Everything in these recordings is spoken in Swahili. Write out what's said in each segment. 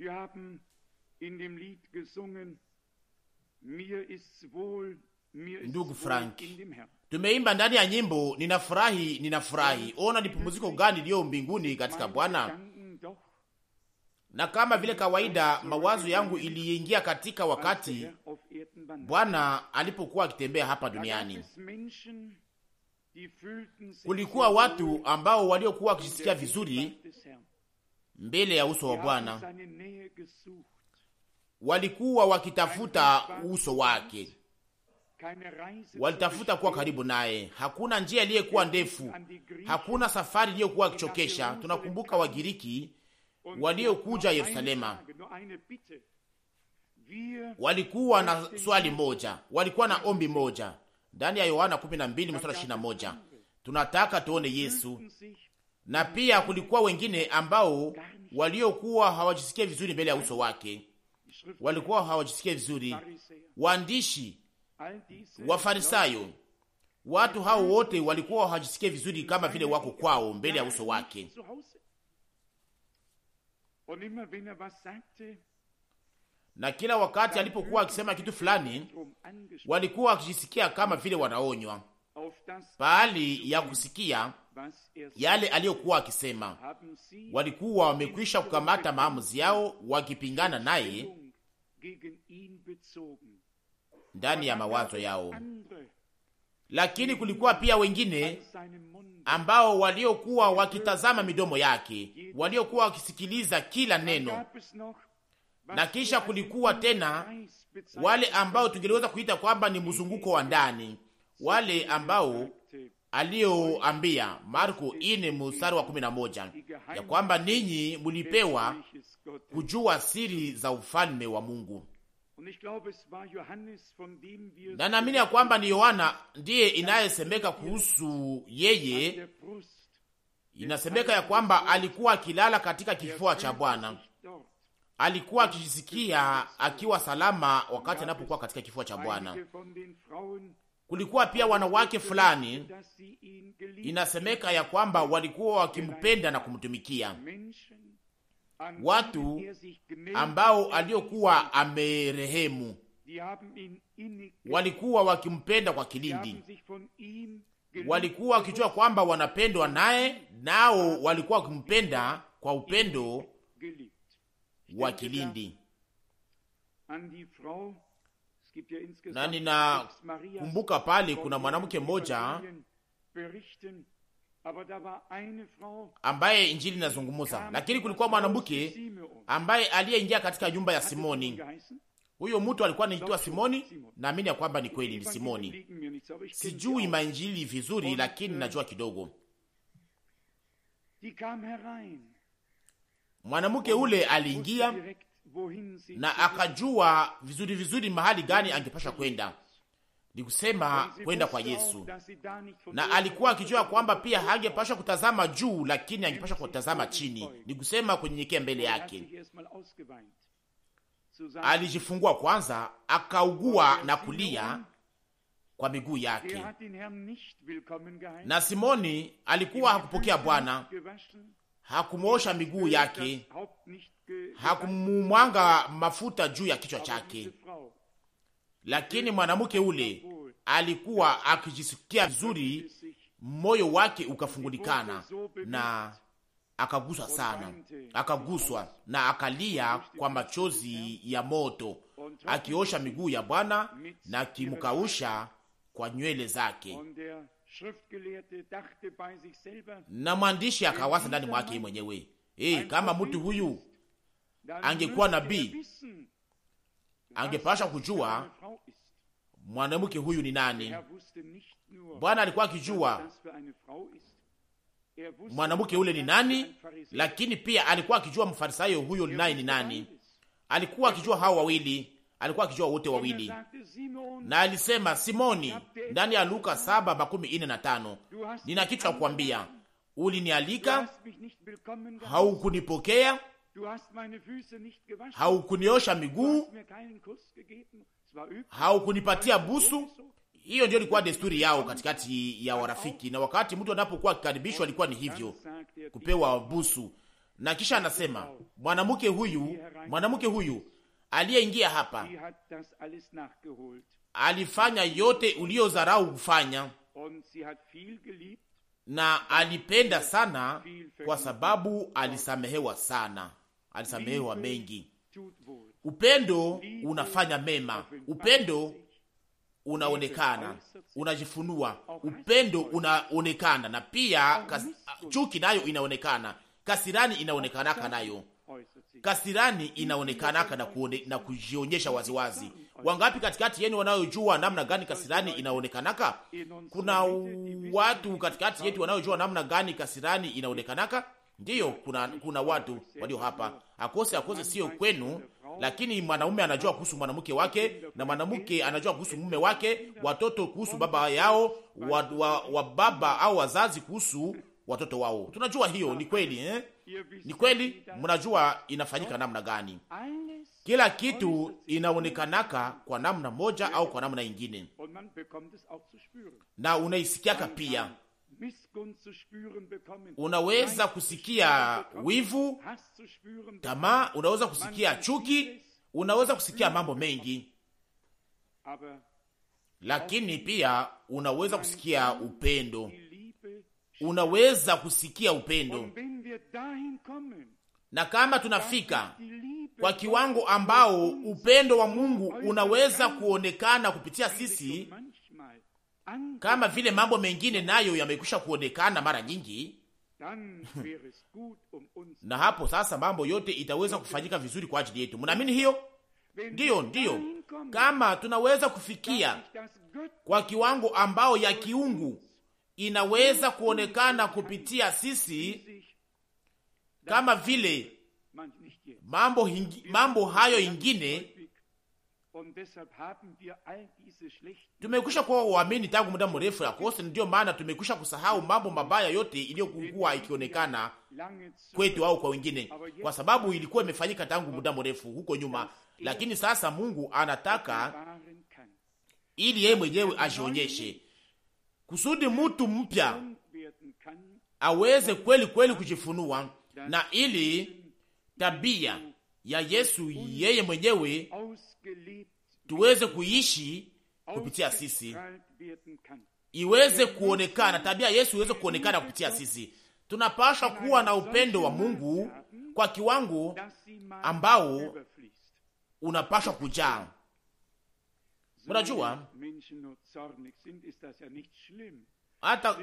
Wir haben in dem Lied gesungen, mir ist wohl, mir ist ndugu Frank, tumeimba ndani ya nyimbo ninafurahi, ninafurahi. Ona ni pumziko gani liyo mbinguni katika Bwana. Na kama vile kawaida, mawazo yangu iliingia katika wakati Bwana alipokuwa akitembea hapa duniani. Kulikuwa watu ambao waliokuwa wakijisikia vizuri mbele ya uso wa Bwana, walikuwa wakitafuta uso wake, walitafuta kuwa karibu naye. Hakuna njia iliyekuwa ndefu, hakuna safari iliyokuwa akichokesha. Tunakumbuka Wagiriki waliokuja Yerusalema walikuwa na swali moja, walikuwa na ombi moja. Ndani ya Yohana 12 mstari 21 tunataka tuone Yesu na pia kulikuwa wengine ambao waliokuwa hawajisikia vizuri mbele ya uso wake, walikuwa hawajisikia vizuri. Waandishi, Wafarisayo, watu hao wote walikuwa hawajisikia vizuri kama vile wako kwao mbele ya uso wake. Na kila wakati alipokuwa akisema kitu fulani, walikuwa wakijisikia kama vile wanaonywa, pahali ya kusikia yale aliyokuwa akisema. Walikuwa wamekwisha kukamata maamuzi yao wakipingana naye ndani ya mawazo yao, lakini kulikuwa pia wengine ambao waliokuwa wakitazama midomo yake, waliokuwa wakisikiliza kila neno. Na kisha kulikuwa tena wale ambao tungeliweza kuita kwamba ni mzunguko wa ndani, wale ambao aliyoambia Marko ine mstari wa kumi na moja ya kwamba ninyi mulipewa kujua siri za ufalme wa Mungu, na naamini ya kwamba ni Yohana ndiye inayesemeka kuhusu yeye. Inasemeka ya kwamba alikuwa akilala katika kifua cha er Bwana, alikuwa akijisikia er akiwa salama wakati anapokuwa katika kifua cha er Bwana. Kulikuwa pia wanawake fulani, inasemeka ya kwamba walikuwa wakimpenda na kumtumikia watu ambao aliokuwa amerehemu, walikuwa wakimpenda kwa kilindi, walikuwa wakijua kwamba wanapendwa naye, nao walikuwa wakimpenda kwa upendo wa kilindi na ninakumbuka pale kuna mwanamke mmoja ambaye Injili inazungumza, lakini kulikuwa mwanamke ambaye aliyeingia katika nyumba ya Simoni. Huyo mtu alikuwa anaitwa Simoni, naamini ya kwamba ni kweli ni Simoni. Sijui mainjili vizuri, lakini äh, najua kidogo. Mwanamke ule aliingia na akajua vizuri vizuri mahali gani angepasha kwenda, ni kusema kwenda kwa Yesu. Na alikuwa akijua kwamba pia hangepasha kutazama juu, lakini angepasha kutazama chini, ni kusema kunyenyekea mbele yake. Alijifungua kwanza, akaugua na kulia kwa miguu yake. Na Simoni alikuwa hakupokea Bwana, hakumwosha miguu yake hakumumwanga mafuta juu ya kichwa chake, lakini mwanamke ule alikuwa akijisikia vizuri, moyo wake ukafungulikana na akaguswa sana, akaguswa na akalia kwa machozi ya moto, akiosha miguu ya Bwana na akimkausha kwa nywele zake. Na mwandishi akawaza ndani mwake mwenyewe, hey, eh, kama mtu huyu angekuwa nabii, angepasha kujua mwanamke huyu ni nani. Bwana alikuwa akijua mwanamke ule ni nani, lakini pia alikuwa akijua mfarisayo huyo naye ni nani. Alikuwa akijua hao wawili, alikuwa akijua wote wawili, na alisema Simoni, ndani ya Luka saba makumi ine na tano nina kitu cha kukwambia, ulinialika haukunipokea haukuniosha miguu, haukunipatia busu. Hiyo ndio ilikuwa desturi yao katikati ya warafiki, na wakati mtu anapokuwa akikaribishwa alikuwa ni hivyo, kupewa busu. Na kisha anasema mwanamke huyu, mwanamke huyu aliyeingia hapa alifanya yote uliyodharau kufanya, na alipenda sana, kwa sababu alisamehewa sana alisamehewa mengi. Upendo unafanya mema, upendo unaonekana, unajifunua, upendo unaonekana, na pia kas, ah, chuki nayo inaonekana, kasirani inaonekanaka nayo kasirani inaonekanaka na, kuone, na kujionyesha waziwazi. Wangapi katikati yenu wanayojua namna gani kasirani inaonekanaka? Kuna watu katikati yetu wanayojua namna gani kasirani inaonekanaka? Ndiyo, kuna kuna watu walio hapa akose akose, sio kwenu, lakini mwanaume anajua kuhusu mwanamke wake na mwanamke anajua kuhusu mume wake, watoto kuhusu baba yao, wa, wa, wa baba au wazazi kuhusu watoto wao. Tunajua hiyo ni kweli eh? Ni kweli, mnajua inafanyika namna gani. Kila kitu inaonekanaka kwa namna moja au kwa namna ingine, na unaisikiaka pia Unaweza kusikia wivu, tamaa, unaweza kusikia chuki, unaweza kusikia mambo mengi, lakini pia unaweza kusikia upendo, unaweza kusikia upendo. Na kama tunafika kwa kiwango ambao upendo wa Mungu unaweza kuonekana kupitia sisi kama vile mambo mengine nayo yamekwisha kuonekana mara nyingi um na hapo sasa mambo yote itaweza kufanyika vizuri kwa ajili yetu. Mnaamini hiyo? Ndiyo, ndiyo. Kama tunaweza kufikia kwa kiwango ambao ya kiungu inaweza kuonekana kupitia sisi, kama vile mambo, hingi, mambo hayo ingine Tumekwisha kuwa waamini tangu muda mrefu ya kose, ndiyo maana tumekwisha kusahau mambo mabaya yote iliyokuwa ikionekana kwetu au kwa wengine, kwa sababu ilikuwa imefanyika tangu muda mrefu huko nyuma, lakini sasa Mungu anataka ili yeye mwenyewe ajionyeshe kusudi mtu mpya aweze kweli kweli kujifunua na ili tabia ya Yesu yeye mwenyewe tuweze kuishi kupitia sisi, iweze kuonekana tabia ya Yesu iweze kuonekana kupitia sisi. Tunapaswa kuwa na upendo wa Mungu kwa kiwango ambao unapaswa kujaa. Unajua, hata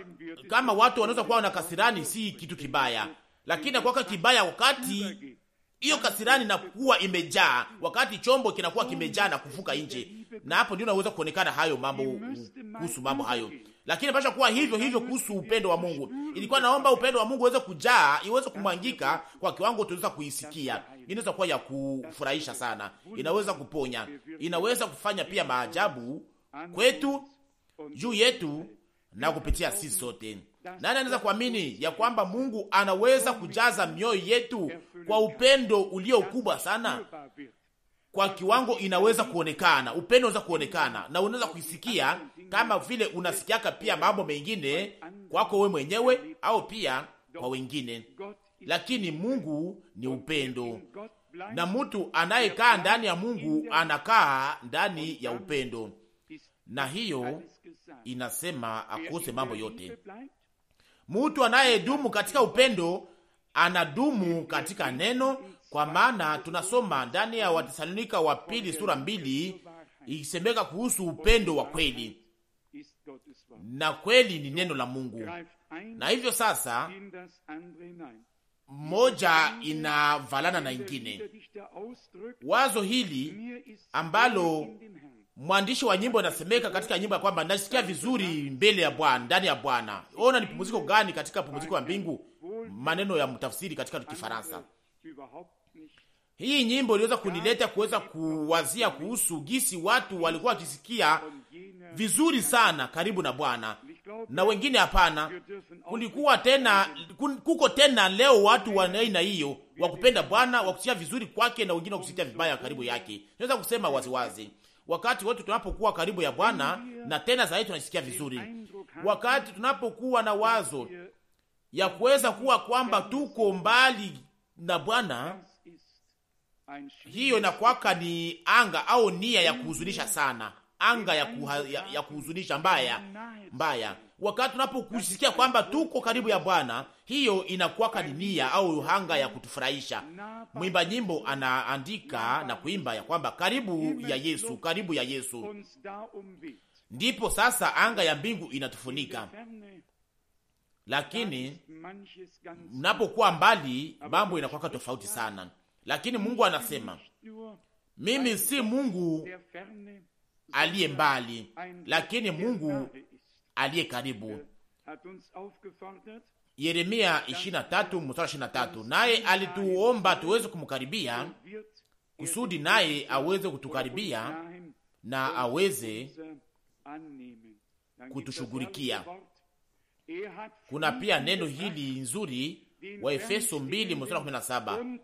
kama watu wanaweza kuwa kasirani, si kitu kibaya, lakini nakwaka kibaya wakati hiyo kasirani na kuwa imejaa, wakati chombo kinakuwa kimejaa na kuvuka nje, na hapo ndio unaweza kuonekana hayo mambo kuhusu mambo hayo. Lakini pasha kuwa hivyo hivyo kuhusu upendo wa Mungu. Ilikuwa naomba upendo wa Mungu uweze kujaa, iweze kumwangika kwa kiwango tunaweza kuisikia. Inaweza kuwa ya kufurahisha sana, inaweza kuponya, inaweza kufanya pia maajabu kwetu, juu yetu na kupitia sisi sote. Nani anaweza kuamini ya kwamba Mungu anaweza kujaza mioyo yetu kwa upendo ulio kubwa sana, kwa kiwango inaweza kuonekana, upendo unaweza kuonekana na unaweza kuisikia kama vile unasikiaka pia mambo mengine kwako we mwenyewe au pia kwa wengine, lakini Mungu ni upendo na mtu anayekaa ndani ya Mungu anakaa ndani ya upendo, na hiyo inasema akose mambo yote anaye anayedumu katika upendo anadumu katika neno, kwa maana tunasoma ndani ya Watesalonika wa pili sura mbili ikisemeka kuhusu upendo wa kweli, na kweli ni neno la Mungu. Na hivyo sasa moja inavalana na ingine. Wazo hili ambalo mwandishi wa nyimbo anasemeka katika nyimbo ya kwamba nasikia vizuri mbele ya Bwana, ndani ya Bwana. Ona ni pumziko gani katika pumziko ya mbingu, maneno ya mtafsiri katika Kifaransa. Hii nyimbo iliweza kunileta kuweza kuwazia kuhusu gisi watu walikuwa wakisikia vizuri sana karibu na Bwana na wengine hapana. Kulikuwa tena kuko tena leo watu wa aina hiyo wa kupenda Bwana, wa kusikia vizuri kwake, na wengine wa kusikia vibaya karibu yake. Naweza kusema waziwazi wazi wakati wote tunapokuwa karibu ya Bwana, na tena zaidi tunasikia vizuri wakati tunapokuwa na wazo ya kuweza kuwa kwamba tuko mbali na Bwana. Hiyo inakwaka ni anga au nia ya kuhuzunisha sana, anga ya, kuha, ya, ya kuhuzunisha mbaya mbaya wakati tunapokusikia kwamba tuko karibu ya Bwana, hiyo inakuwa kalimia au hanga ya kutufurahisha. Mwimba nyimbo anaandika na kuimba ya kwamba karibu ya Yesu, karibu ya Yesu, ndipo sasa anga ya mbingu inatufunika. Lakini mnapokuwa mbali, mambo inakuwa tofauti sana. Lakini Mungu anasema mimi si Mungu aliye mbali, lakini Mungu aliye karibu. Er Yeremia 23 er mstari 23. Naye alituomba tuweze kumkaribia er kusudi naye aweze kutukaribia na aweze kutushughulikia. Kuna pia neno hili nzuri wa Efeso 2 mstari 17,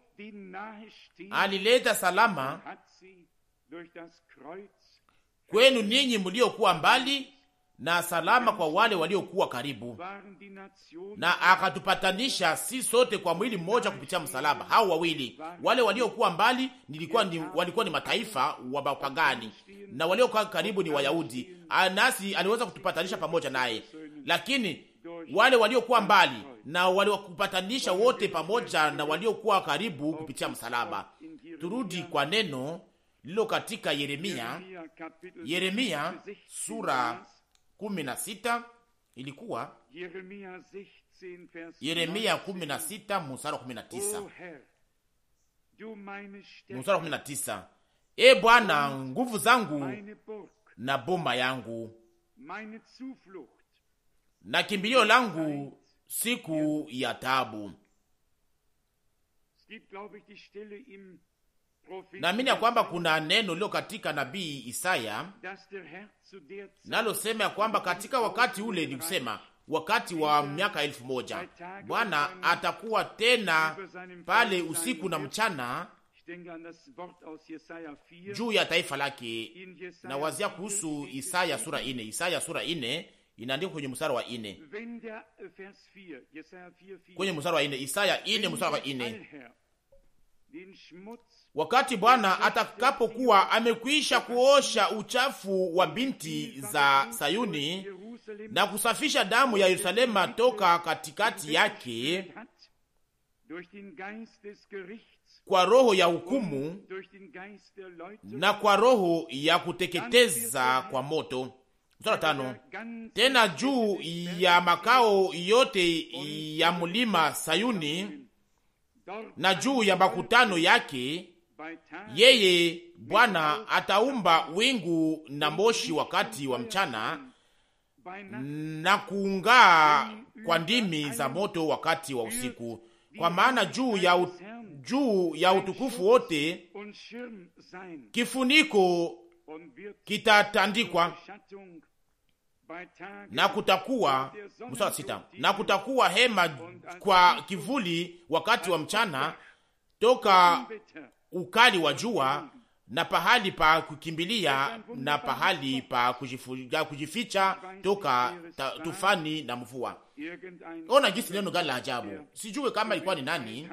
alileta salama kwenu ninyi mliokuwa mbali na salama kwa wale waliokuwa karibu, na akatupatanisha si sote kwa mwili mmoja kupitia msalaba. Hao wawili wale waliokuwa mbali nilikuwa ni, walikuwa ni mataifa wapagani na waliokuwa karibu ni Wayahudi, ah, nasi aliweza kutupatanisha pamoja naye. Lakini wale waliokuwa mbali na waliwakupatanisha wote pamoja na waliokuwa karibu kupitia msalaba. Turudi kwa neno lilo katika Yeremia, Yeremia sura kumi na sita ilikuwa Yeremia kumi na sita musara kumi na tisa musara kumi na tisa E Bwana, nguvu zangu na boma yangu na kimbilio langu siku ya tabu. Naamini ya kwamba kuna neno lilo katika nabii Isaya nalosema ya kwamba katika wakati ule, ni kusema wakati wa miaka elfu moja Bwana atakuwa tena pale usiku na mchana juu ya taifa lake. Na wazia kuhusu Isaya sura ine. Isaya sura ine inaandikwa kwenye mstari wa ine, uh, kwenye mstari wa ine, Isaya ine mstari wa ine wakati Bwana atakapokuwa amekwisha kuosha uchafu wa binti za Sayuni na kusafisha damu ya Yerusalema toka katikati yake kwa roho ya hukumu na kwa roho ya kuteketeza kwa moto. Tano. Tena juu ya makao yote ya mlima Sayuni na juu ya makutano yake yeye Bwana ataumba wingu na moshi wakati wa mchana na kuung'aa kwa ndimi za moto wakati wa usiku. Kwa maana juu ya, ut, juu ya utukufu wote kifuniko kitatandikwa na kutakuwa mstari sita, na kutakuwa hema kwa kivuli wakati wa mchana toka ukali wa jua, na pahali pa kukimbilia na pahali pa kujifuja, kujificha toka ta, tufani na mvua. Ona jinsi neno gani la ajabu! Sijue kama ilikuwa ni nani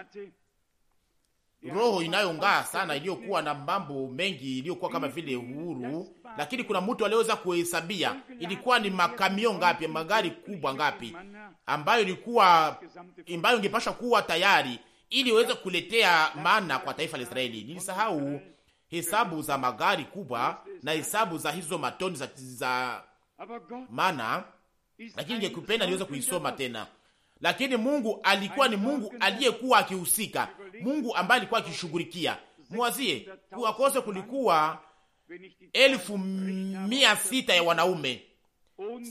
roho inayong'aa sana iliyokuwa na mambo mengi iliyokuwa kama vile uhuru, lakini kuna mtu aliyeweza kuhesabia ilikuwa ni makamio ngapi, magari kubwa ngapi ambayo ilikuwa ambayo ingepasha kuwa tayari ili iweze kuletea maana kwa taifa la Israeli. Nilisahau hesabu za magari kubwa na hesabu za hizo matoni za, za mana, lakini ningekupenda niweze kuisoma tena lakini Mungu alikuwa ni Mungu aliyekuwa akihusika, Mungu ambaye alikuwa akishughulikia. Mwazie kuwakose kulikuwa elfu mia sita ya wanaume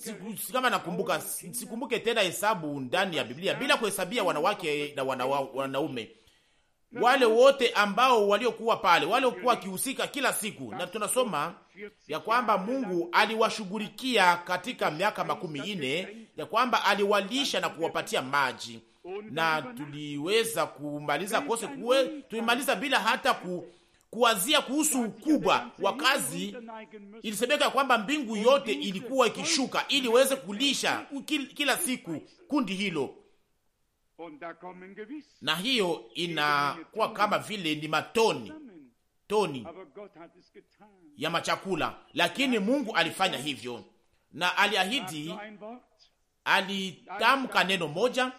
siku, kama nakumbuka, sikumbuke tena hesabu ndani ya Biblia bila kuhesabia wanawake na wanaume wale wote ambao waliokuwa pale, waliokuwa wakihusika kila siku, na tunasoma ya kwamba Mungu aliwashughulikia katika miaka makumi ine, ya kwamba aliwalisha na kuwapatia maji, na tuliweza kumaliza kose kuwe, tulimaliza bila hata ku, kuwazia kuhusu ukubwa wa kazi. Ilisemeka ya kwamba mbingu yote ilikuwa ikishuka ili iweze kulisha kila siku kundi hilo na hiyo inakuwa kama vile ni matoni toni ya machakula, lakini Mungu alifanya hivyo na aliahidi, alitamka neno moja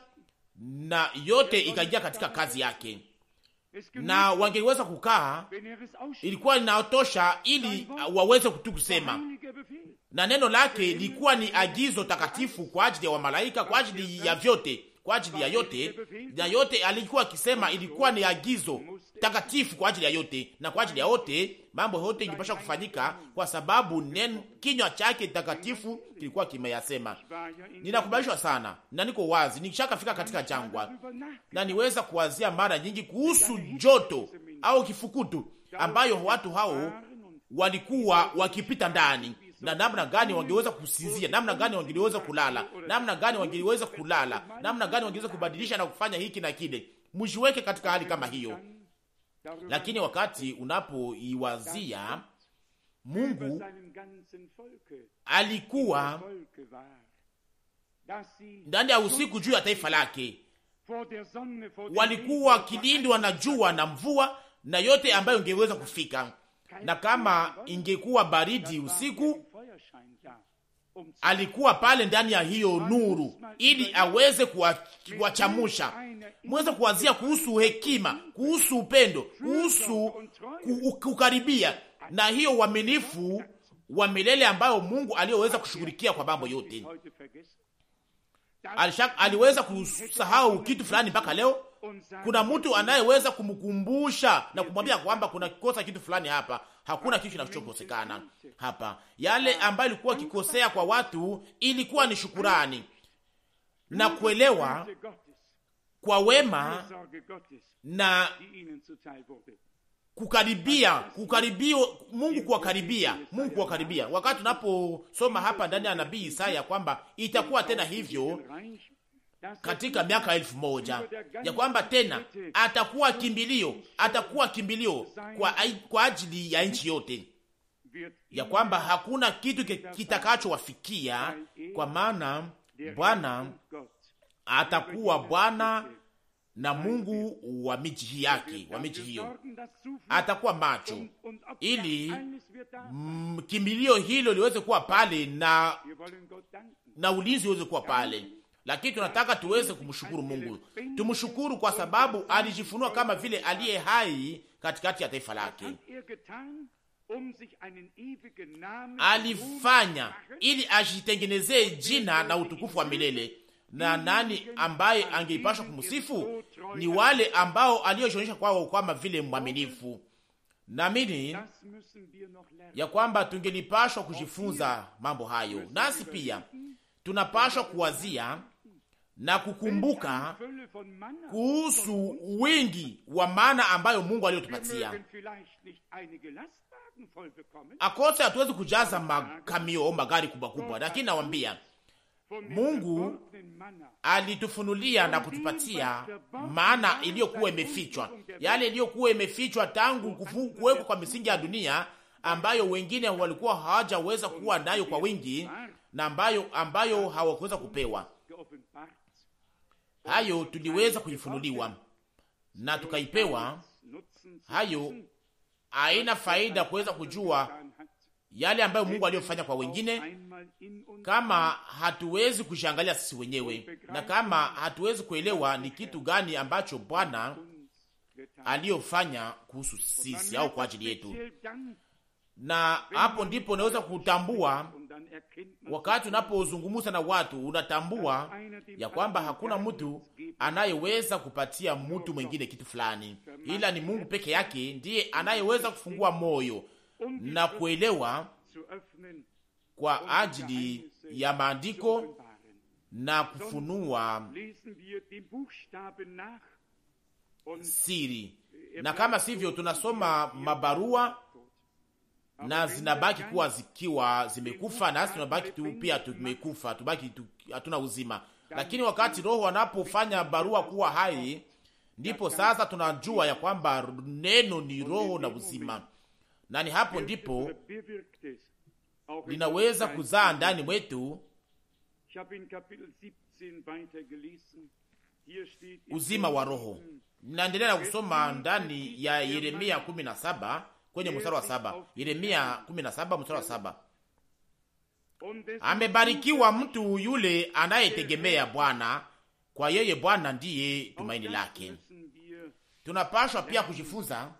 na yote ikaingia katika kazi yake, na wangeweza kukaa, ilikuwa inatosha ili waweze kutukusema na neno lake lilikuwa ni agizo takatifu kwa ajili ya wamalaika, kwa ajili ya vyote kwa ajili ya yote na yote alikuwa akisema, ilikuwa ni agizo takatifu kwa ajili ya yote na kwa ajili ya wote. Mambo yote ingepasha kufanyika kwa sababu neno kinywa chake takatifu kilikuwa kimeyasema. Ninakubalishwa sana na niko wazi, nikishakafika katika jangwa na niweza kuwazia mara nyingi kuhusu joto au kifukutu ambayo watu hao walikuwa wakipita ndani na namna gani wangeweza kusinzia, namna gani wangeweza kulala, namna gani wangeweza kulala, namna gani wangeweza kubadilisha na kufanya hiki na kile. Mjiweke katika hali kama hiyo, lakini wakati unapoiwazia Mungu alikuwa ndani ya usiku juu ya taifa lake, walikuwa wakilindwa na jua na mvua na yote ambayo ingeweza kufika, na kama ingekuwa baridi usiku, alikuwa pale ndani ya hiyo nuru ili aweze kuwachamusha. Mweze kuwazia kuhusu hekima, kuhusu upendo, kuhusu kukaribia na hiyo uaminifu wa milele ambayo Mungu aliyoweza kushughulikia kwa mambo yote. Alishak, aliweza kusahau kitu fulani mpaka leo. Kuna mtu anayeweza kumkumbusha na kumwambia kwamba kuna kikosa kitu fulani hapa. Hakuna kitu kinachokosekana hapa. Yale ambayo ilikuwa kikosea kwa watu ilikuwa ni shukurani na kuelewa kwa wema na kukaribia kukaribio Mungu kuwakaribia Mungu kuwakaribia. Wakati tunaposoma hapa ndani ya nabii Isaya kwamba itakuwa tena hivyo katika miaka elfu moja ya kwamba tena atakuwa kimbilio, atakuwa kimbilio kwa, kwa ajili ya nchi yote, ya kwamba hakuna kitu kitakachowafikia, kwa maana Bwana atakuwa Bwana na Mungu wa miji yake wa miji hiyo atakuwa macho, ili mm, kimbilio hilo liweze kuwa pale na na ulinzi uweze kuwa pale. Lakini tunataka tuweze kumshukuru Mungu, tumshukuru kwa sababu alijifunua kama vile aliye hai katikati ya taifa lake. Alifanya ili ajitengenezee jina na utukufu wa milele na nani ambaye angeipashwa kumsifu? Ni wale ambao aliyoshonyesha kwao kwama vile mwaminifu. Naamini ya kwamba tungelipashwa kujifunza mambo hayo, nasi pia tunapashwa kuwazia na kukumbuka kuhusu wingi wa maana ambayo Mungu aliyotupatia. Akose hatuwezi kujaza makamio au magari kubwa kubwa, lakini nawambia Mungu alitufunulia na kutupatia maana iliyokuwa imefichwa, yale iliyokuwa imefichwa tangu kuwekwa kwa misingi ya dunia, ambayo wengine walikuwa hawajaweza kuwa nayo kwa wingi na ambayo, ambayo hawakuweza kupewa. Hayo tuliweza kuifunuliwa na tukaipewa. Hayo haina faida kuweza kujua yale ambayo Mungu aliyofanya kwa wengine kama hatuwezi kujiangalia sisi wenyewe na kama hatuwezi kuelewa ni kitu gani ambacho Bwana aliyofanya kuhusu sisi au kwa ajili yetu, na hapo ndipo unaweza kutambua. Wakati unapozungumza na watu, unatambua ya kwamba hakuna mtu anayeweza kupatia mtu mwingine kitu fulani, ila ni Mungu peke yake ndiye anayeweza kufungua moyo na kuelewa kwa ajili ya maandiko na kufunua siri, na kama sivyo, tunasoma mabarua na zinabaki kuwa zikiwa zimekufa, nasi tunabaki tu pia tumekufa, tubaki hatuna uzima. Lakini wakati Roho anapofanya barua kuwa hai, ndipo sasa tunajua ya kwamba neno ni roho na uzima, na ni hapo ndipo linaweza kuzaa ndani mwetu uzima wa roho. Ninaendelea na kusoma ndani ya Yeremia 17 kwenye mstari wa saba. Yeremia 17 mstari wa saba. Amebarikiwa mtu yule anayetegemea Bwana, kwa yeye Bwana ndiye tumaini lake. Tunapashwa pia kujifunza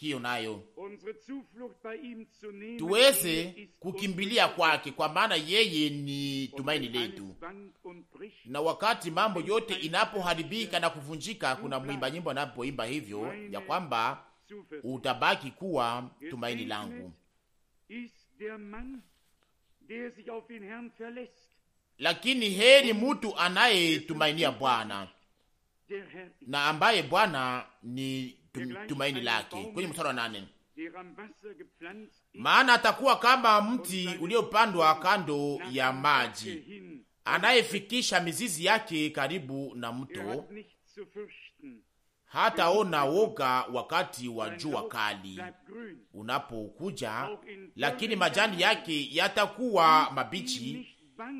hiyo nayo tuweze er kukimbilia kwake, kwa maana yeye ni tumaini letu. Na wakati mambo yote inapoharibika na kuvunjika, kuna mwimba nyimbo anapoimba hivyo ya kwamba utabaki kuwa tumaini langu. Lakini heri mutu anayetumainia Bwana na ambaye Bwana ni tumaini lake, kwenye mstari wa nane maana atakuwa kama mti uliopandwa kando ya maji, anayefikisha mizizi yake karibu na mto, er hataona woga wakati wa jua kali unapokuja, lakini majani er yake yatakuwa mabichi,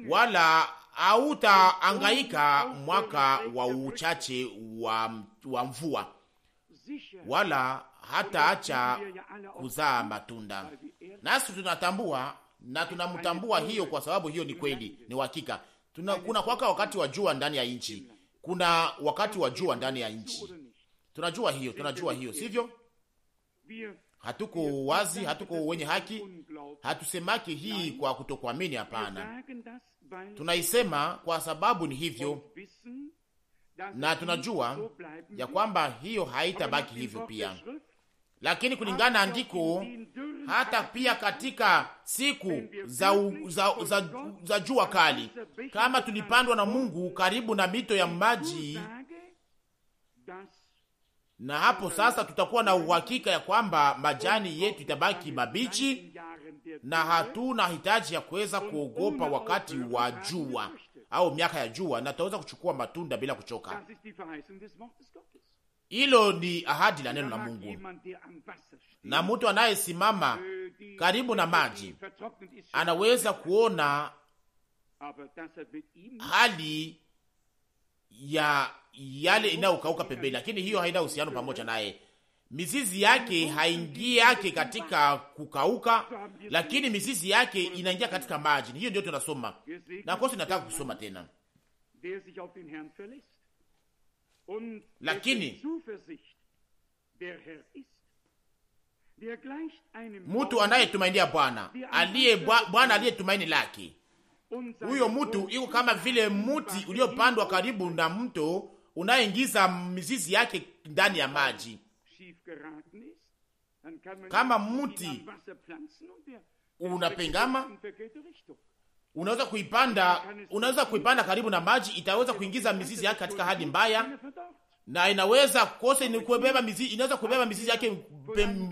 wala hautaangaika mwaka wa uchache wa, wa mvua wala hataacha kuzaa matunda. Nasi tunatambua na tunamtambua hiyo, kwa sababu hiyo ni kweli, ni uhakika. Kuna kwaka wakati wa jua ndani ya nchi, kuna wakati wa jua ndani ya nchi. Tunajua hiyo, tunajua hiyo, sivyo? Hatuko wazi, hatuko wenye haki, hatusemaki hii kwa kutokuamini. Hapana, tunaisema kwa sababu ni hivyo na tunajua ya kwamba hiyo haitabaki hivyo pia, lakini kulingana na andiko, hata pia katika siku za, u, za, za, za jua kali, kama tulipandwa na Mungu karibu na mito ya maji, na hapo sasa tutakuwa na uhakika ya kwamba majani yetu itabaki mabichi na hatuna hitaji ya kuweza kuogopa wakati wa jua au miaka ya jua, na tutaweza kuchukua matunda bila kuchoka. Hilo ni ahadi la neno la Mungu. Na mtu anayesimama karibu na maji anaweza kuona ah, hali ya yale inayokauka pembeni, lakini hiyo haina uhusiano pamoja naye mizizi yake haingii yake katika kukauka, lakini mizizi yake inaingia katika maji. Hiyo ndio tunasoma na kosi, nataka kusoma tena, lakini mtu anayetumainia Bwana aliye Bwana aliye tumaini lake, huyo mtu iko kama vile muti uliopandwa karibu na mto, unaingiza mizizi yake ndani ya maji kama mti unapengama, unaweza kuipanda, unaweza kuipanda karibu na maji, itaweza kuingiza mizizi yake katika hali mbaya, er na inaweza kose ni kubeba mizizi, inaweza kubeba mizizi yake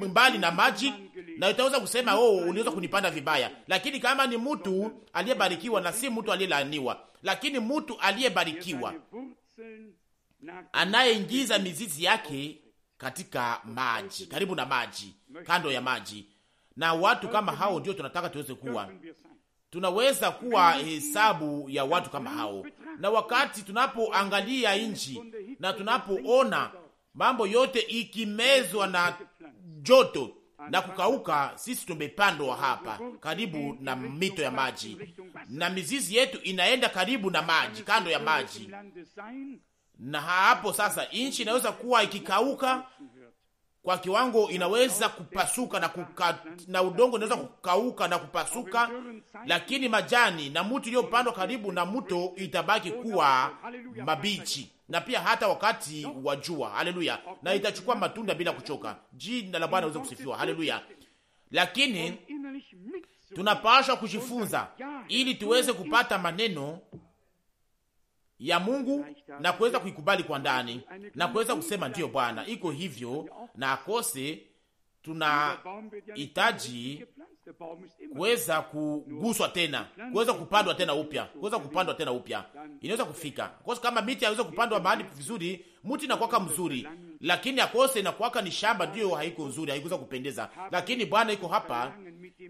mbali na maji, na itaweza kusema oh, unaweza er kunipanda vibaya. Lakini kama ni mtu er aliyebarikiwa na si mtu aliyelaaniwa, lakini mtu aliyebarikiwa anayeingiza mizizi yake katika maji, karibu na maji, kando ya maji. Na watu kama hao ndio tunataka tuweze kuwa, tunaweza kuwa hesabu ya watu kama hao. Na wakati tunapoangalia nchi na tunapoona mambo yote ikimezwa na joto na kukauka, sisi tumepandwa hapa karibu na mito ya maji, na mizizi yetu inaenda karibu na maji, kando ya maji, na hapo sasa nchi inaweza kuwa ikikauka kwa kiwango, inaweza kupasuka na, kuka, na udongo inaweza kukauka na kupasuka, lakini majani na mti iliyopandwa karibu na mto itabaki kuwa mabichi, na pia hata wakati wa jua. Haleluya! na itachukua matunda bila kuchoka. Jina la Bwana aweze kusifiwa. Haleluya! lakini tunapashwa kujifunza ili tuweze kupata maneno ya Mungu na kuweza kuikubali kwa ndani na kuweza kusema ndiyo Bwana, iko hivyo, na akose hitaji kuweza kuguswa tena, kuweza kupandwa tena upya, kuweza kupandwa tena upya. Inaweza kufika kwa kama miti haiwezi kupandwa mahali vizuri, mti inakuwa mzuri lakini akose inakuwaka ni shamba ndiyo, haiko nzuri, haikuweza kupendeza, lakini Bwana iko hapa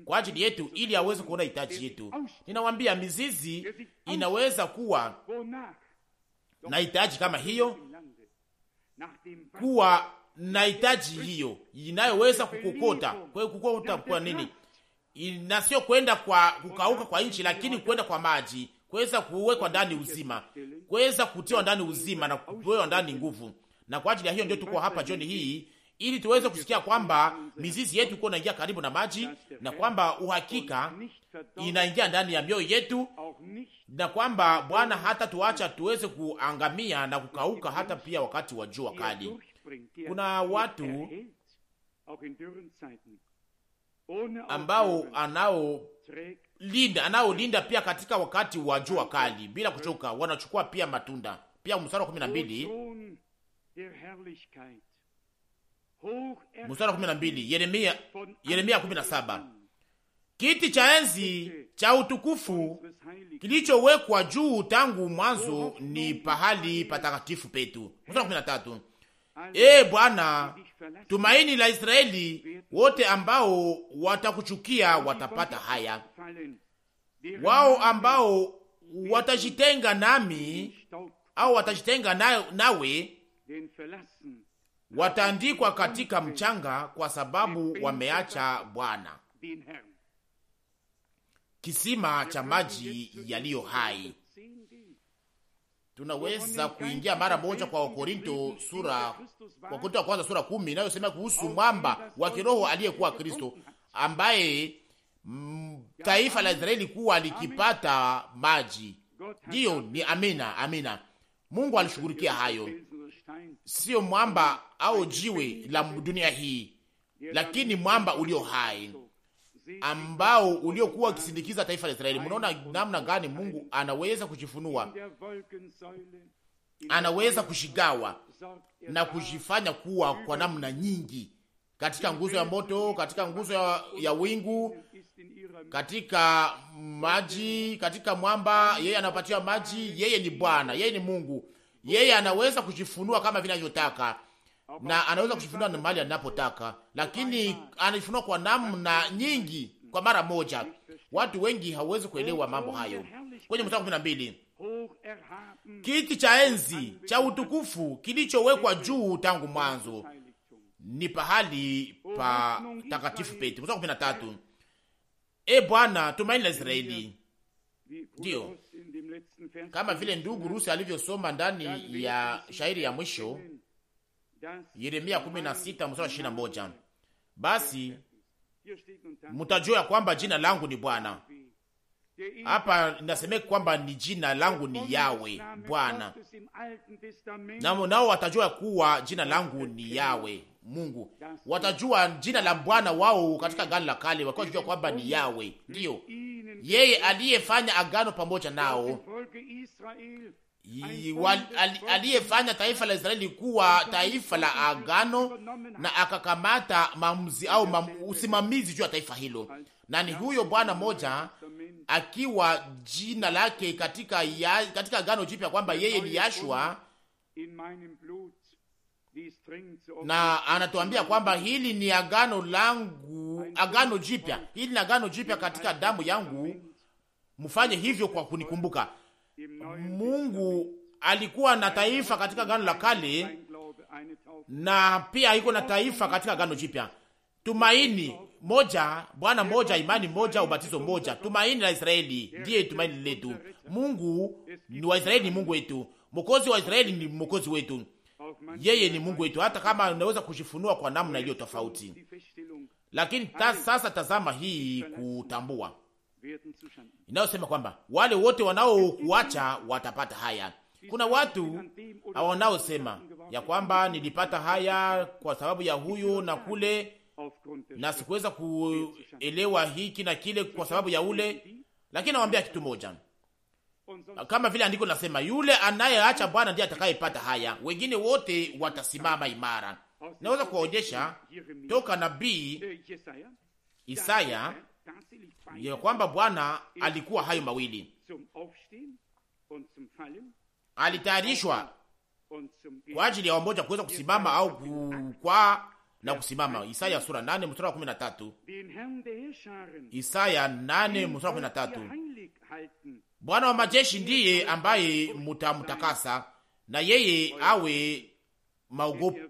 kwa ajili yetu, ili aweze kuona hitaji yetu. Ninawambia mizizi inaweza kuwa na hitaji kama hiyo, kuwa na hitaji hiyo inayoweza kukokota kukokota kwa nini, na sio kwenda kwa kukauka kwa nchi, lakini kwenda kwa maji, kuweza kuwekwa ndani uzima, kuweza kutiwa ndani uzima na kuwekwa ndani nguvu na kwa ajili ya hiyo ndio tuko hapa jioni hii ili tuweze kusikia kwamba mizizi yetu iko inaingia karibu na maji na kwamba uhakika inaingia ndani ya mioyo yetu, na kwamba Bwana hata tuacha tuweze kuangamia na kukauka, hata pia wakati wa jua kali. Kuna watu ambao anaolinda linda pia katika wakati wa jua kali bila kuchoka, wanachukua pia matunda. Pia mstari wa kumi na mbili Mstari wa kumi na mbili, Yeremia, Yeremia kumi na saba. Kiti cha enzi cha utukufu kilichowekwa juu tangu mwanzo ni pahali patakatifu petu. Mstari wa kumi na tatu. E Bwana, tumaini la Israeli, wote ambao watakuchukia watapata haya. Wao ambao watajitenga nami au watajitenga na, nawe wataandikwa katika mchanga, kwa sababu wameacha Bwana, kisima cha maji yaliyo hai. Tunaweza kuingia mara moja kwa Wakorinto sura, Wakorinto wa kwanza sura kumi inayosema kuhusu mwamba wa kiroho aliyekuwa Kristo, ambaye taifa la Israeli kuwa likipata maji. Ndiyo, ni amina, amina. Mungu alishughulikia hayo sio mwamba au jiwe la dunia hii, lakini mwamba ulio hai ambao uliokuwa ukisindikiza taifa la Israeli. Mnaona namna gani Mungu anaweza kujifunua, anaweza kushigawa na kujifanya kuwa kwa namna nyingi, katika nguzo ya moto, katika nguzo ya, ya wingu, katika maji, katika mwamba. Yeye anapatiwa maji, yeye ni Bwana, yeye ni Mungu yeye anaweza kujifunua kama vile anavyotaka na anaweza kujifunua na mali anapotaka, lakini oh anajifunua kwa namna nyingi kwa mara moja. Watu wengi hawezi kuelewa mambo hayo. Kwenye mstari kumi na mbili mm, kiti cha enzi cha utukufu kilichowekwa juu tangu mwanzo ni pahali oh, pa takatifu peti. Mstari kumi na tatu e Bwana, tumaini la Israeli. Ndiyo kama vile ndugu Rusi alivyosoma ndani ya shairi ya mwisho Yeremia 16 mstari wa 21, basi mtajua kwamba jina langu ni Bwana. Hapa nasemeka kwamba ni jina langu ni Yawe Bwana, nao watajua kuwa jina langu ni Yawe Mungu. Watajua jina la Bwana wao katika gano la kale, wakiwa kwamba ni Yawe ndiyo yeye aliyefanya agano pamoja nao, aliyefanya taifa la Israeli kuwa taifa la agano na akakamata maamuzi au mam, usimamizi juu ya taifa hilo, na ni huyo Bwana moja akiwa jina lake katika, ya, katika agano jipya kwamba yeye ni Yashua na anatuambia kwamba hili ni agano langu, agano jipya. Hili ni agano jipya katika damu yangu, mfanye hivyo kwa kunikumbuka. Mungu alikuwa na taifa katika agano la kale na pia iko na taifa katika agano jipya. Tumaini moja, Bwana moja, imani moja, ubatizo moja, tumaini la Israeli ndiye tumaini letu. Mungu ni Waisraeli, ni Mungu wetu. mokozi wa Israeli ni mokozi wetu. Yeye ni Mungu wetu, hata kama unaweza kujifunua kwa namna iliyo tofauti. Lakini ta, sasa tazama hii kutambua inayosema kwamba wale wote wanaokuacha watapata haya. Kuna watu wanaosema ya kwamba nilipata haya kwa sababu ya huyu na kule, na sikuweza kuelewa hiki na kile kwa sababu ya ule, lakini nawambia kitu moja kama vile andiko linasema, yule anayeacha Bwana ndiye atakayepata haya, wengine wote watasimama imara. Naweza kuwaonyesha toka nabii Isaya ya kwamba Bwana alikuwa hayo mawili, alitayarishwa kwa ajili ya wamoja kuweza kusimama au kukwaa na kusimama. Isaya sura 8 mstari wa 13, Isaya 8 mstari wa Bwana wa majeshi ndiye ambaye mutamtakasa na yeye awe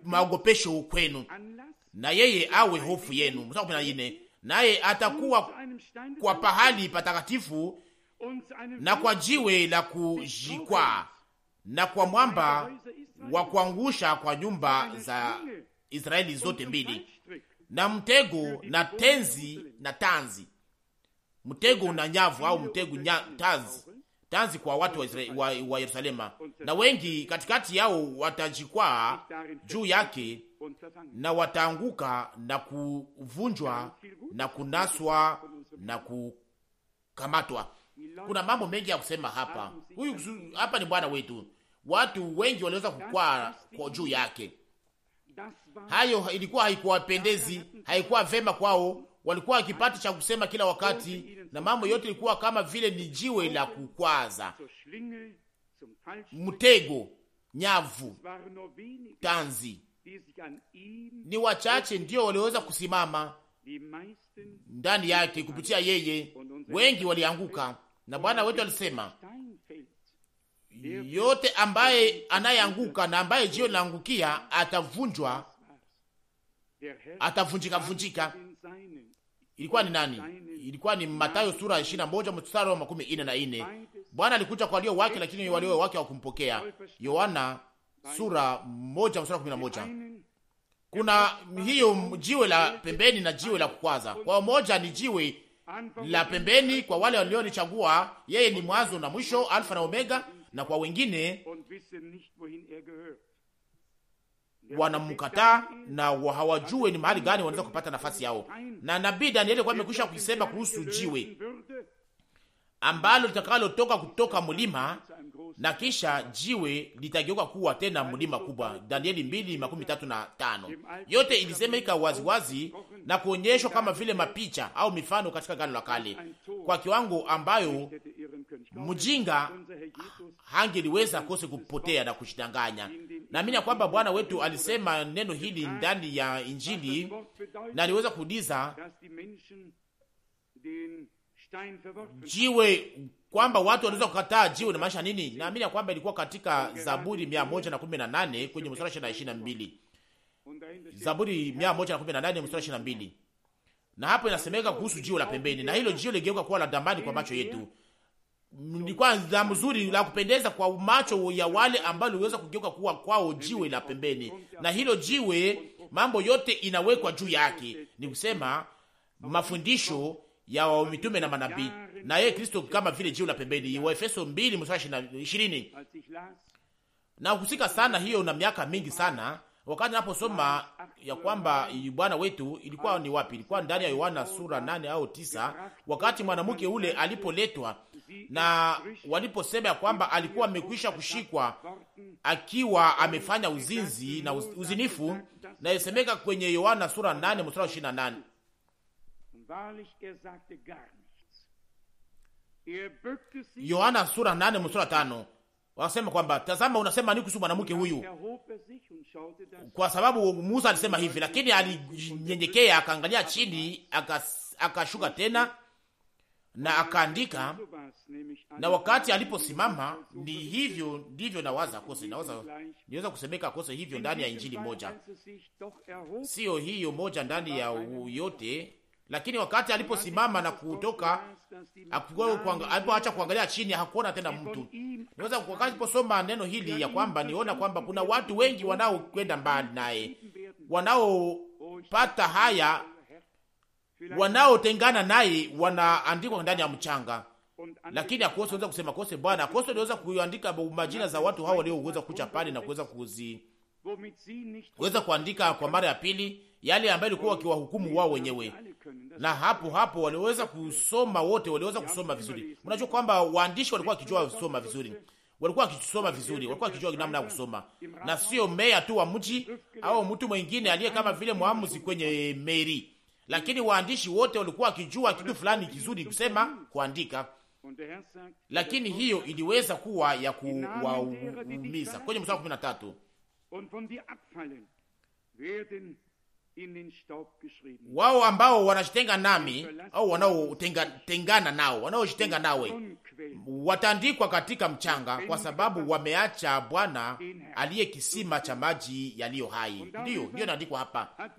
maogopesho kwenu, na yeye awe hofu yenu. Mstari na naye atakuwa kwa pahali patakatifu na kwa jiwe la kujikwaa na kwa mwamba wa kuangusha kwa nyumba za Israeli zote mbili, na mtego na tenzi na tanzi mtego na nyavu au mtego nya, tanzi tanzi kwa watu wa, wa, wa Yerusalema, na wengi katikati yao watajikwaa juu yake na wataanguka na kuvunjwa yaani na kunaswa yaani na kukamatwa. Kuna mambo mengi ya kusema hapa. Yaani Huyu hapa ni Bwana wetu, watu wengi waliweza kukwaa kwa juu yake. Hayo ilikuwa haikuwapendezi, haikuwa vema kwao walikuwa wakipata cha kusema kila wakati, na mambo yote ilikuwa kama vile ni jiwe la kukwaza, mtego, nyavu, tanzi. Ni wachache ndio walioweza kusimama ndani yake kupitia yeye, wengi walianguka. Na Bwana wetu alisema yote ambaye anayeanguka na ambaye jiwe linaangukia atavunjwa, atavunjika vunjika ilikuwa ni nani? Ilikuwa ni Mathayo sura 21 mstari wa makumi ine na ine. Bwana alikuja kwa walio wake, lakini walio wake hawakumpokea. Yohana sura moja mstari wa kumi na moja. Kuna hiyo jiwe la pembeni na jiwe la kukwaza. Kwa moja ni jiwe la pembeni kwa wale walionichagua, yeye ni mwanzo na mwisho, alfa na omega, na kwa wengine wanamkataa na hawajue ni mahali gani wanaweza kupata nafasi yao. Na nabii Danieli kwa amekwisha kusema kuhusu jiwe ambalo litakalotoka kutoka mlima na kisha jiwe litageuka kuwa tena mlima kubwa. Danieli mbili makumi tatu na tano. Yote ilisemeka waziwazi na kuonyeshwa kama vile mapicha au mifano katika gano la kale kwa kiwango ambayo mjinga hangeliweza kose kupotea na kushidanganya. Naamini ya kwamba Bwana wetu alisema neno hili ndani ya Injili, na aliweza kuuliza jiwe kwamba watu waliweza kukataa jiwe na maisha nini. Naamini ya kwamba ilikuwa katika Zaburi mia moja na kumi na nane kwenye mstari ishirini na ishirini na mbili Zaburi mia moja na kumi na nane mstari ishirini na mbili na hapo inasemeka kuhusu jiwe la pembeni, na hilo jiwe ligeuka kuwa la damani kwa macho yetu, likuwa la mzuri la kupendeza kwa macho ya wale ambao liweza kugeuka kuwa kwao jiwe la pembeni, na hilo jiwe mambo yote inawekwa juu yake, ni kusema mafundisho ya mitume na manabii, na yeye Kristo kama vile jiwe la pembeni. Waefeso 2 mstari 20. Na kusika sana hiyo na miaka mingi sana, wakati naposoma ya kwamba Bwana wetu ilikuwa ni wapi? Ilikuwa ndani ya Yohana sura 8 au 9, wakati mwanamke ule alipoletwa na waliposema ya kwamba alikuwa amekwisha kushikwa akiwa amefanya uzinzi na uzinifu, na isemeka kwenye Yohana sura 8 mstari wa nane Yohana sura 8 mstari wa tano wanasema kwamba tazama, unasema ni kuhusu mwanamke huyu? Kwa sababu Musa alisema hivi, lakini alinyenyekea akaangalia chini akashuka aka tena na akaandika, na wakati aliposimama, ni hivyo ndivyo nawaza kose, nawaza niweza kusemeka kose hivyo ndani ya injili moja, siyo hiyo moja ndani ya yote, lakini wakati aliposimama na kutoka, alipoacha kuangalia chini, hakuona tena mtu. Niweza wakati aliposoma neno hili ya kwamba niona kwamba kuna watu wengi wanaokwenda mbali naye wanaopata haya wanaotengana naye wanaandikwa ndani ya mchanga, lakini akose weza kusema kose Bwana akose aliweza kuandika majina za watu hao walioweza kucha pale na kuweza kuzi weza kuandika kwa mara ya pili yale ambayo ilikuwa wakiwahukumu wao wenyewe, na hapo hapo waliweza kusoma wote, waliweza kusoma vizuri. Unajua kwamba waandishi walikuwa wakijua kusoma vizuri, walikuwa wakisoma vizuri, walikuwa wakijua namna ya kusoma, na sio meya tu wa mji au mtu mwingine aliye kama vile mwamuzi kwenye meri lakini waandishi wote walikuwa wakijua kitu fulani kizuri kusema kuandika, lakini hiyo iliweza kuwa ya kuwaumiza. Kwenye mstari kumi na tatu wao ambao wanajitenga nami au wanaotengana nao wanaojitenga nawe wataandikwa katika mchanga, kwa sababu wameacha Bwana aliye kisima cha maji yaliyo hai. Ndiyo, ndiyo naandikwa hapa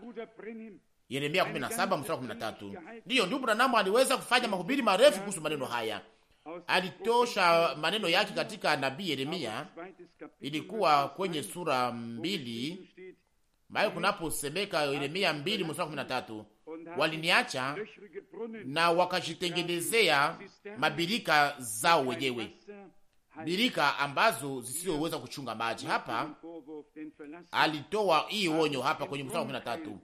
Yeremia 17 yaani yaani mstari 13. Yaani Ndiyo, ndugu Branham aliweza kufanya mahubiri marefu kuhusu maneno haya. Alitosha maneno yake katika nabii Yeremia, ilikuwa kwenye sura mbili mayo kunaposemeka Yeremia 2 mstari 13, waliniacha na wakajitengenezea mabirika zao wenyewe, birika ambazo zisizoweza kuchunga maji. Hapa alitoa hii onyo hapa kwenye mstari 13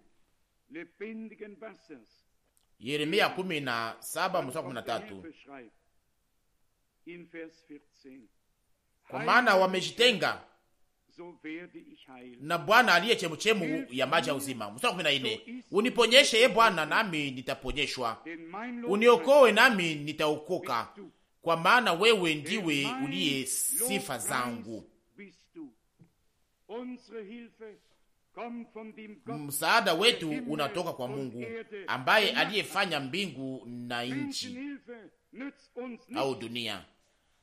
Yeremia kumi na saba mstari kumi na tatu kwa maana wamejitenga na Bwana aliye chemuchemu ya maji ya uzima. Mstari kumi na uniponyeshe ye Bwana, nami nitaponyeshwa, uniokoe nami nitaokoka, kwa maana wewe ndiwe uliye sifa zangu. Msaada wetu unatoka kwa Mungu ambaye aliyefanya mbingu na nchi au dunia.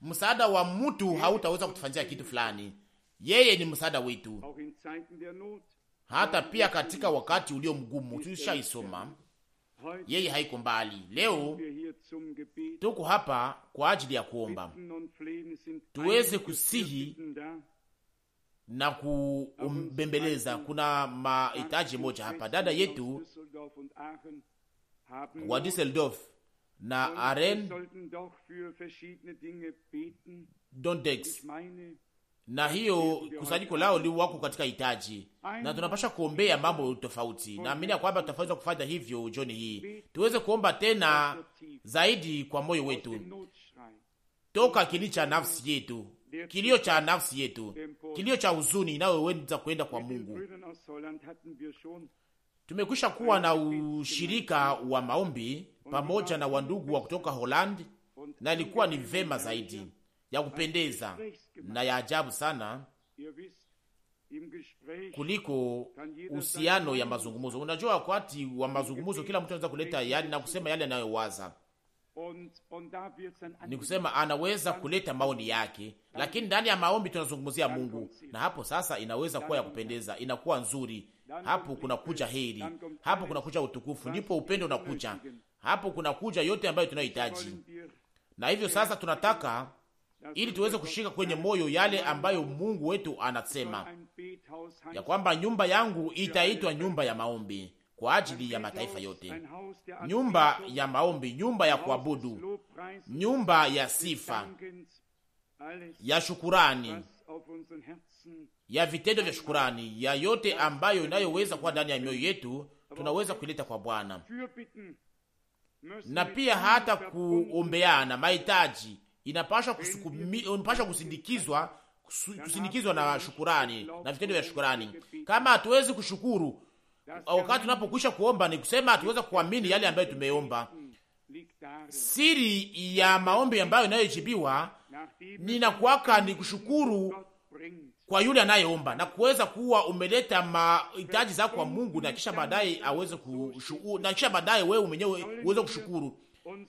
Msaada wa mtu hautaweza kutufanyia kitu fulani. Yeye ni msaada wetu, hata pia katika wakati ulio mgumu. Tulishaisoma, yeye haiko mbali. Leo tuko hapa kwa ajili ya kuomba, tuweze kusihi na kumbembeleza. Kuna mahitaji moja hapa, dada yetu wa Düsseldorf na Aren Dondex na hiyo kusanyiko lao li wako katika hitaji, na tunapasha kuombea mambo tofauti. Naamini kwamba tutafaweza kufanya hivyo jioni hii, tuweze kuomba tena zaidi kwa moyo wetu, toka kilicha cha nafsi yetu kilio cha nafsi yetu, kilio cha huzuni inayoweza kuenda kwa Mungu. Tumekwisha kuwa na ushirika wa maombi pamoja na wandugu wa kutoka holland na ilikuwa ni vema zaidi ya kupendeza na ya ajabu sana kuliko uhusiano ya mazungumzo. Unajua, wakati wa mazungumzo kila mtu anaweza kuleta yale na kusema yale anayowaza ni kusema anaweza kuleta maoni yake, lakini ndani ya maombi tunazungumzia Mungu, na hapo sasa inaweza kuwa ya kupendeza, inakuwa nzuri. Hapo kuna kuja heri, hapo kuna kuja utukufu, ndipo upendo unakuja, hapo kuna kuja yote ambayo tunayohitaji. Na hivyo sasa tunataka ili tuweze kushika kwenye moyo yale ambayo Mungu wetu anasema ya kwamba nyumba yangu itaitwa nyumba ya maombi kwa ajili ya mataifa yote, nyumba ya maombi, nyumba ya kuabudu, nyumba ya sifa, ya shukurani, ya vitendo vya shukurani, ya yote ambayo inayoweza kuwa ndani ya mioyo yetu, tunaweza kuileta kwa Bwana na pia hata kuombeana mahitaji inapashwa inapasha kusindikizwa kusindikizwa na shukurani na vitendo vya shukurani. Kama hatuwezi kushukuru Ah, wakati tunapokwisha kuomba ni kusema tuweza kuamini yale ambayo tumeomba. Siri ya maombi ambayo inayojibiwa ninakuwaka ni kushukuru kwa yule anayeomba na kuweza kuwa umeleta mahitaji zako kwa Mungu, na kisha baadaye aweze kushukuru, na kisha baadaye wewe mwenyewe uweze kushukuru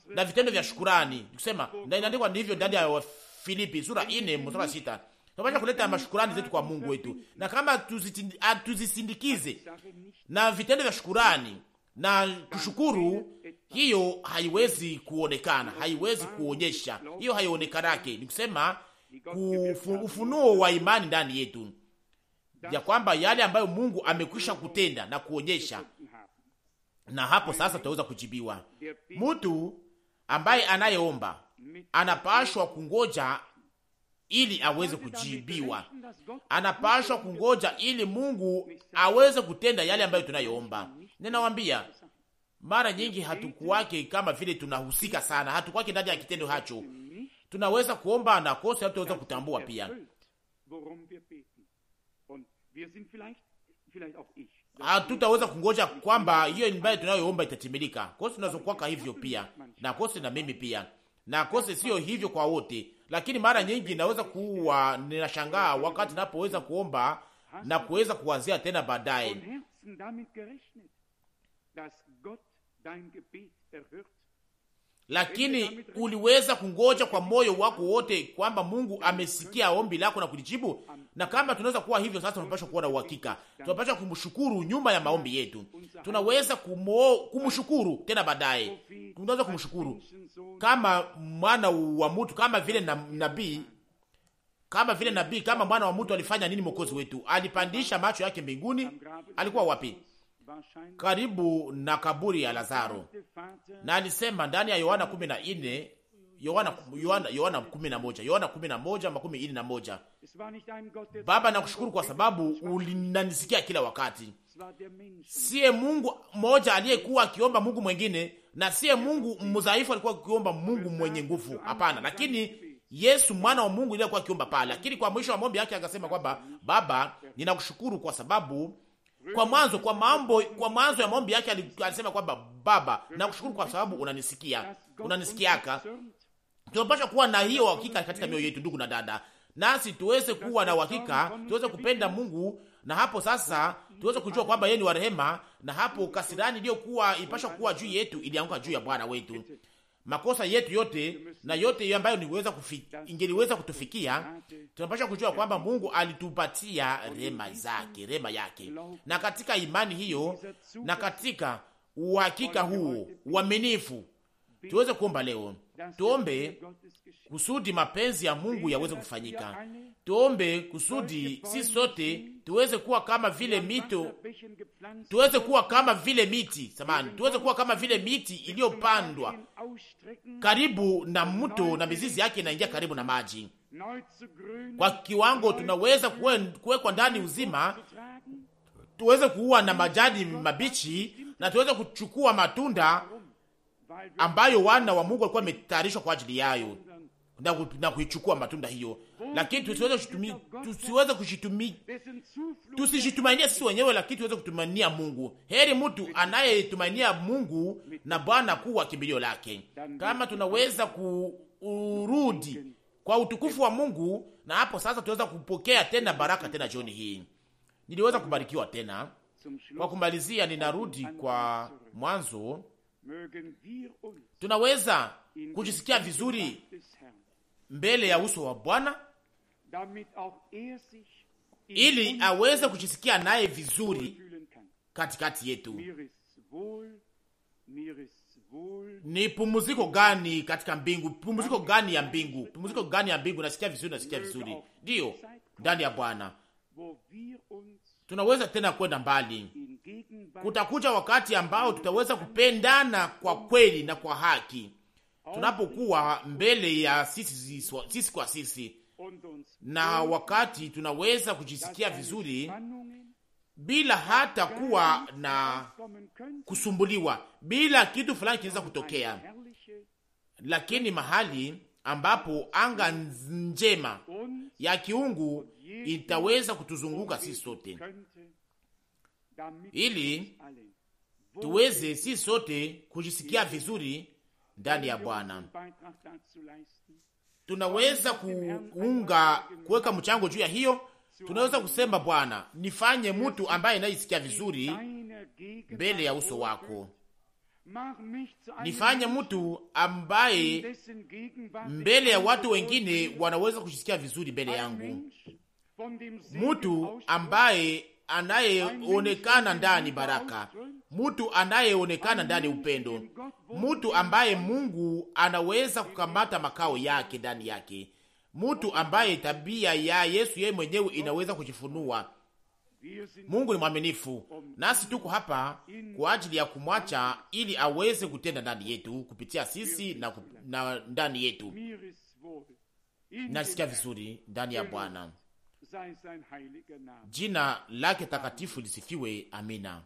na vitendo vya shukurani. kusema, na inaandikwa ndivyo ndani ya Wafilipi sura 4 mstari 6 tunapasha kuleta mashukurani zetu kwa Mungu wetu, na kama tuzisindikize na vitendo vya shukurani na kushukuru, hiyo haiwezi kuonekana, haiwezi kuonyesha, hiyo haionekanake, ni kusema ufunuo wa imani ndani yetu ya kwamba yale ambayo Mungu amekwisha kutenda na kuonyesha, na hapo sasa tutaweza kujibiwa. Mtu ambaye anayeomba anapashwa kungoja ili aweze kujibiwa. Anapashwa kungoja ili Mungu aweze kutenda yale ambayo tunayoomba. Ninawambia mara nyingi hatukuwake kama vile tunahusika sana, hatukuwake ndani ya kitendo hacho. Tunaweza kuomba na kosa, tunaweza kutambua pia hatutaweza kungoja kwamba hiyo ambayo tunayoomba itatimilika. Kosi tunazokwaka hivyo pia na kosi na mimi pia na kosi, sio hivyo kwa wote, lakini mara nyingi naweza kuwa ninashangaa wakati napoweza kuomba na kuweza kuwazia tena baadaye lakini uliweza kungoja kwa moyo wako wote kwamba Mungu amesikia ombi lako na kulijibu. Na kama tunaweza kuwa hivyo sasa, tunapaswa kuwa na uhakika, tunapaswa kumshukuru nyuma ya maombi yetu. Tunaweza kumshukuru tena baadaye, tunaweza kumshukuru kama mwana wa mtu, kama vile nabii, kama vile nabii, kama mwana wa mtu alifanya nini? Mwokozi wetu alipandisha macho yake mbinguni, alikuwa wapi? karibu na kaburi ya Lazaro, na alisema ndani ya Yohana 14 Yohana, Yohana, Yohana kumi na moja Yohana kumi na moja makumi ini na moja Baba, nakushukuru kwa sababu ulinanisikia kila wakati. Siye Mungu mmoja aliyekuwa akiomba Mungu mwengine, na siye Mungu mdhaifu alikuwa akiomba Mungu mwenye nguvu. Hapana, lakini Yesu mwana wa Mungu ndiye akiomba pale. Lakini kwa mwisho wa maombi yake akasema kwamba Baba, ninakushukuru kwa sababu kwa mwanzo kwa mambo kwa mwanzo ya maombi yake alisema kwamba Baba, nakushukuru kwa sababu unanisikia, unanisikiaka. Tunapaswa kuwa na hiyo hakika katika mioyo yetu, ndugu na dada, nasi tuweze kuwa na uhakika, tuweze kupenda Mungu, na hapo sasa tuweze kujua kwamba yeye ni wa rehema, na hapo kasirani iliyokuwa ipasha kuwa juu yetu ilianguka juu ya Bwana wetu makosa yetu yote na yote ambayo niweza ingeliweza kutufikia, tunapaswa kujua kwamba Mungu alitupatia rema zake, rema yake, na katika imani hiyo na katika uhakika huo uaminifu, tuweze kuomba leo, tuombe kusudi mapenzi ya Mungu yaweze kufanyika, tuombe kusudi si sote tuweze kuwa kama vile mito, tuweze kuwa kama vile miti samani, tuweze kuwa kama vile miti iliyopandwa karibu na mto na mizizi yake inaingia karibu na maji, kwa kiwango tunaweza kuwekwa ndani uzima, tuweze kuwa na majani mabichi na tuweze kuchukua matunda ambayo wana wa Mungu walikuwa wametayarishwa kwa ajili yayo na kuichukua matunda hiyo, lakini tusiweze tusiweze kushitumia, tusijitumainie sisi wenyewe, lakini tuweze kutumania Mungu. Heri mtu anayetumainia Mungu na Bwana kuwa kimbilio lake. Kama tunaweza kurudi kwa utukufu wa Mungu, na hapo sasa tunaweza kupokea tena baraka tena. Jioni hii niliweza kubarikiwa tena. Kwa kumalizia, ninarudi kwa mwanzo, tunaweza kujisikia vizuri mbele ya uso wa Bwana er ili aweze kujisikia naye vizuri katikati yetu. Ni pumuziko gani katika mbingu, pumuziko gani ya er mbingu, pumuziko gani ya mbingu! Nasikia vizuri, nasikia vizuri, ndiyo, ndani ya Bwana tunaweza tena kwenda mbali. Kutakuja wakati ambao tutaweza kupendana kwa kweli na kwa haki tunapokuwa mbele ya sisi, sisi kwa sisi, na wakati tunaweza kujisikia vizuri bila hata kuwa na kusumbuliwa, bila kitu fulani kinaweza kutokea, lakini mahali ambapo anga njema ya kiungu itaweza kutuzunguka sisi sote, ili tuweze sisi sote kujisikia vizuri ndani ya Bwana tunaweza kuunga kuweka mchango juu ya hiyo. Tunaweza kusema Bwana, nifanye mtu ambaye anayesikia vizuri mbele ya uso wako, nifanye mtu ambaye mbele ya watu wengine wanaweza kujisikia vizuri mbele yangu, mtu ambaye anayeonekana ndani baraka, mtu anayeonekana ndani upendo, mtu ambaye Mungu anaweza kukamata makao yake ndani yake, mtu ambaye tabia ya Yesu yeye mwenyewe inaweza kujifunua. Mungu ni mwaminifu, nasi tuko hapa kwa ajili ya kumwacha ili aweze kutenda ndani yetu kupitia sisi na, na ndani yetu. Nasikia vizuri ndani ya Bwana. Jina lake takatifu lisifiwe. Amina.